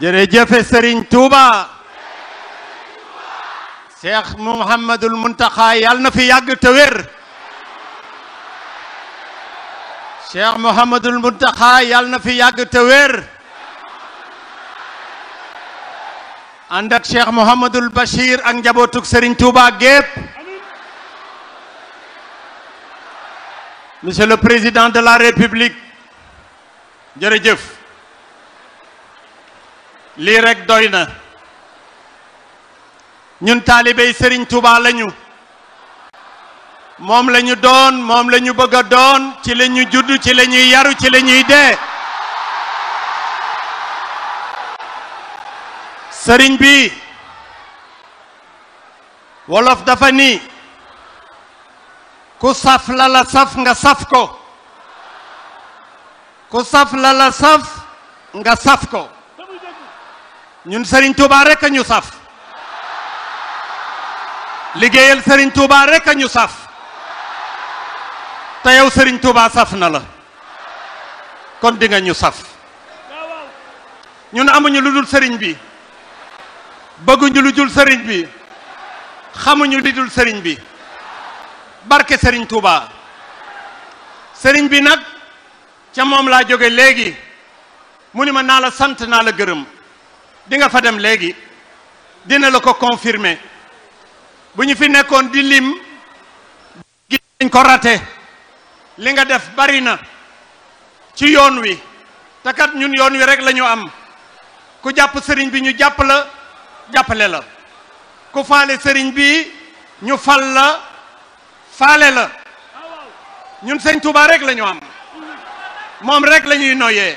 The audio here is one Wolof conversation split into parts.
jërëjëf Serigne Touba Cheikh Mouhamadul Mountakha yàlla na fi yàgg te wér Cheikh Mouhamadul Mountakha yàlla na fi yàgg te wér ànd ak Cheikh Mouhamadul ak njabootug Serigne Touba le Président de la République jërëjëf lii rek doy na ñun taalibey Serigne Touba lañu moom la ñu doon moom la ñu bëgg a doon ci la ñu judd ci lañuy yaru ci lañuy ñuy dee sëriñ bi wolof dafa ni ku saf la la saf nga saf ko ku saf la la saf nga saf ko ñun Serigne Touba rekk a ñu saf liggéeyal Serigne Touba rekk a ñu saf te yow Serigne Touba saf na la kon di ñu saf ñun amuñu lu dul Serigne bi bëgguñu lu sëriñ bi xamuñu lu dul Serigne bi barke sëriñ Touba sëriñ bi nag ca moom laa jóge léegi mu ni ma naa la sant naa la gërëm. di fa dem léegi dina la ko confirmer bu ñu fi nekkoon di lim gis nañ ko raté li nga def bari na ci yoon wi te kat ñun yoon wi rek la am ku jàpp sëriñ bi ñu jàpp la jàppale la ku faale sëriñ bi ñu fal la faale la ñun sëñ Tuubaa rek la am moom rek la ñuy noyee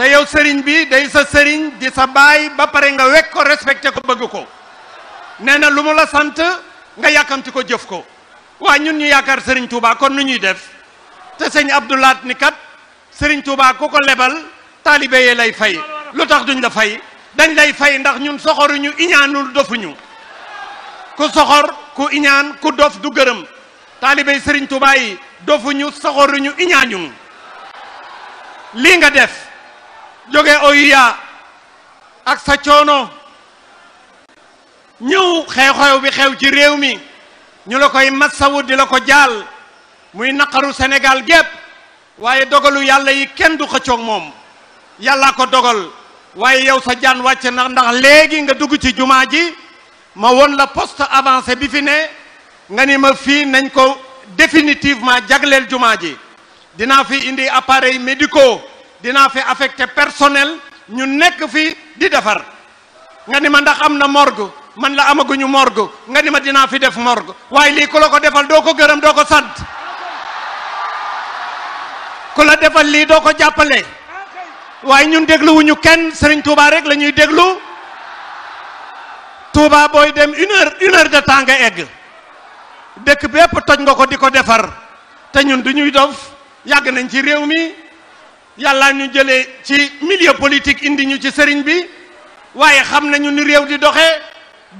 te yow sëriñ bi day sa sëriñ di sa baay ba pare nga wekk ko respecté ko bëgg ko nee na lu mu la sant nga yàkkamti ko jëf ko waa ñun ñu yaakaar sëriñ Touba kon nu ñuy def te sëñ Abdoulaat ni kat sëriñ Touba ku ko lebal taalibe yee lay fay lu tax duñ la fay dañ lay fay ndax ñun soxoruñu iñaanul dofuñu ku soxor ku iñaan ku dof du gërëm taalibe sëriñ Touba yi dofuñu soxoruñu iñaañun lii nga def jóge oyiya ak sa coono ñëw xew-xew bi xew ci réew mi ñu la koy massawu di la ko jaal muy naqaru Sénégal gépp waaye dogalu yàlla yi kenn du xëccoog moom yàllaa ko dogal waaye yow sa jaan wàcce na ndax léegi nga dugg ci jumaa ji ma won la poste avancé bi fi ne nga ni ma fii nañ ko définitivement jagleel jumaa ji dinaa fi indi appareil médicaux dinaa fi affecté personnel ñu nekk fi di defar nga ni ma ndax am na morgue man la amaguñu morgue nga ni ma dinaa fi def morgue waaye lii ku la ko defal doo ko gërëm doo ko sant ku la defal lii doo ko jàppale waaye ñun dégluwuñu kenn Serigne Touba rek lañuy ñuy déglu Touba booy dem une heure de temps nga egg dëkk bépp toj nga ko di ko defar te ñun du ñuy dof yàgg nañ ci réew mi. yàlla ñu jële ci milieu politique indi ñu ci sëriñ bi waaye xam nañu ni réew di doxee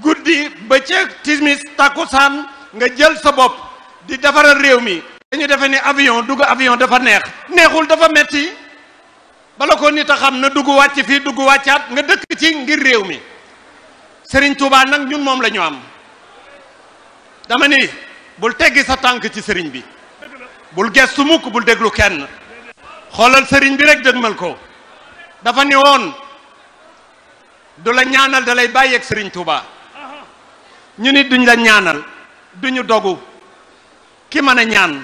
guddi bëccëg timis takkusaan nga jël sa bopp di defaral réew mi dañu defe ni avion dugg avion dafa neex neexul dafa metti bala ko nit a xam na dugg wàcc fii dugg wàccaat nga dëkk ci ngir réew mi sëriñ Touba nag ñun moom la am dama ni bul teggi sa tànk ci sëriñ bi bul gestu mukk bul déglu kenn xoolal sëriñ bi rek dëgmal ko dafa ni woon du la ñaanal da lay bàyyeek sëriñ Touba ñu nit duñ la ñaanal duñu dogu ki mën a ñaan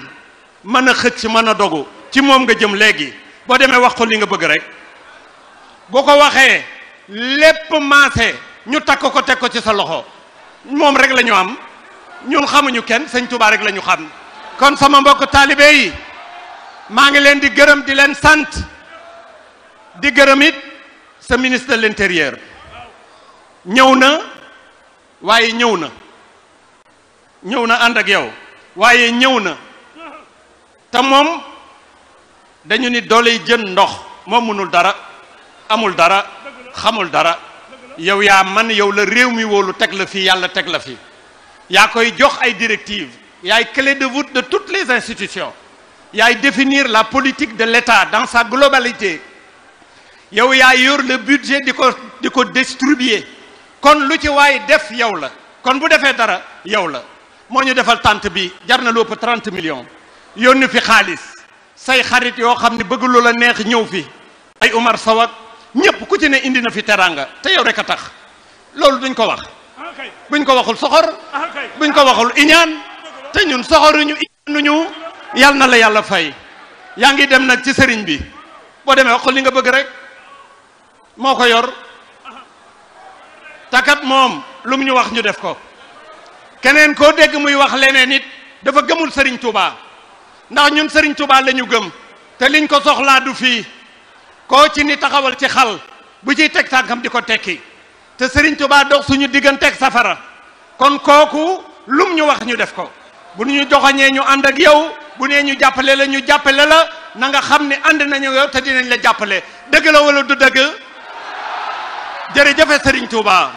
mën a xëcc mën a dogu ci moom nga jëm léegi boo demee wax ko li nga bëgg rek boo ko waxee lépp maase ñu takk ko teg ko ci sa loxo moom rek lañu am ñun xamuñu kenn sëñ Touba rek lañu ñu xam kon sama mbokk taalibe yi maa ngi leen di gërëm di leen sant di gërëm it sa ministre l'intérieur ñëw na waaye ñëw na ñëw na ànd ak yow waaye ñëw na te moom dañu ni dooley jën ndox moom mënul dara amul dara xamul dara yow yaa man yow la réew mi wóolu teg la fi yàlla teg la fi yaa koy jox ay directives yaay clé de voûte de toutes les institutions yaay définir la politique de l'État dans sa globalité yow yaay yor le budget di ko di ko distribuer kon lu ci waay def yow la kon bu defee dara yow la moo ñu defal tànt bi jar na lu ëpp 30 millions yónni fi xaalis say xarit yoo xam ne bëgg lu la neex ñëw fi ay Umar Sow ak ñépp ku ci ne indi na fi teranga te yow rek a tax loolu duñ ko wax ah, buñ ko waxul soxor ah, buñ ko waxul iñaan ah, te ñun soxoruñu iñaanuñu yal na la yàlla fay yaa ngi dem nag ci sëriñ bi boo demee wax li nga bëgg rek moo ko yor takat moom lu ñu wax ñu def ko keneen koo dégg muy wax leneen it dafa gëmul sëriñ Touba ndax ñun sëriñ Touba lañu gëm te liñ ko soxlaa du fii koo ci ni taxawal ci xal bu ciy teg tànkam di ko tekki te sëriñ Touba dox suñu digganteeg safara kon kooku lum ñu wax ñu def ko bu ñu joxoñee ñu ànd ak yow bu nee ñu jàppale la ñu jàppale la na nga xam ne ànd nañu yow te dinañ la jàppale dëgg la wala du dëgg jërëjëf sëriñ Touba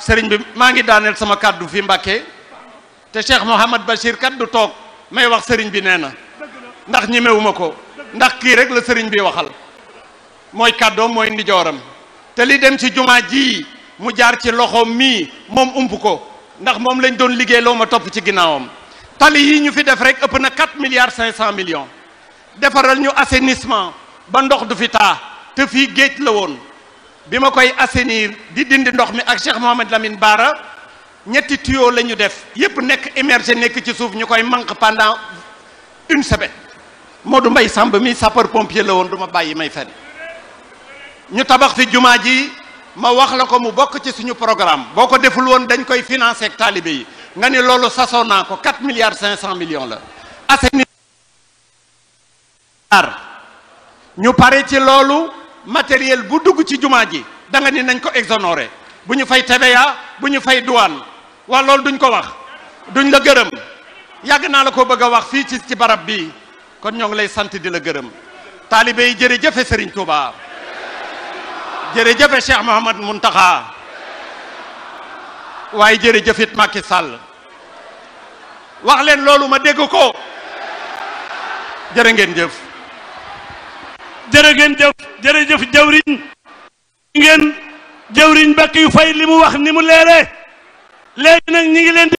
sëriñ bi maa ngi daaneel sama kàddu fi Mbàkke te Cheikh Mouhamad Bachir kat du toog may wax sëriñ bi nee na ndax ñemewuma ko ndax kii rek la Serigne bi waxal mooy kàddoom mooy ndijooram te li dem ci jumaa ji mu jaar ci loxoom mii moom ump ko ndax moom lañ doon liggéey loo ma topp ci ginnaawam. tali yi ñu fi def rek ëpp na 4 milliards 500 millions defaral ñu assenissement ba ndox du fi taa te fii géej la woon bi ma koy assainir di dindi ndox mi ak Cheikh Mohamed Lamine Bara ñetti tuyaux la ñu def yépp nekk émergé nekk ci suuf ñu koy manque pendant une semaine Modou Mbaye Samb mi sapeur pompier la woon du ma bàyyi may fen ñu tabax fi jumaa ji ma wax la ko mu bokk ci suñu programme boo ko deful woon dañ koy financer ak taalibe yi nga ni loolu sasoo naa ko 4 milliards 500 millions la assainissement ñu pare ci loolu matériel bu dugg ci jumaa ji da ni nañ ko exonore bu ñu fay TVA bu ñu fay douane waa loolu duñ ko wax duñ la gërëm yàgg naa la ko bëgg a wax fii ci ci barab bi kon ñoo ngi lay sant di la gërëm taalibe yi jërëjëfe Serigne Touba jërëjëfe Cheikh Mouhamad Mountakha waaye jërëjëf it Macky Sall wax leen loolu ma dégg ko ngeen jëf jërë ngeen jëf jërëjëf jawriñ ngeen jawriñ Mbackiou Faye li mu wax ni mu leere léegi nag ngi leen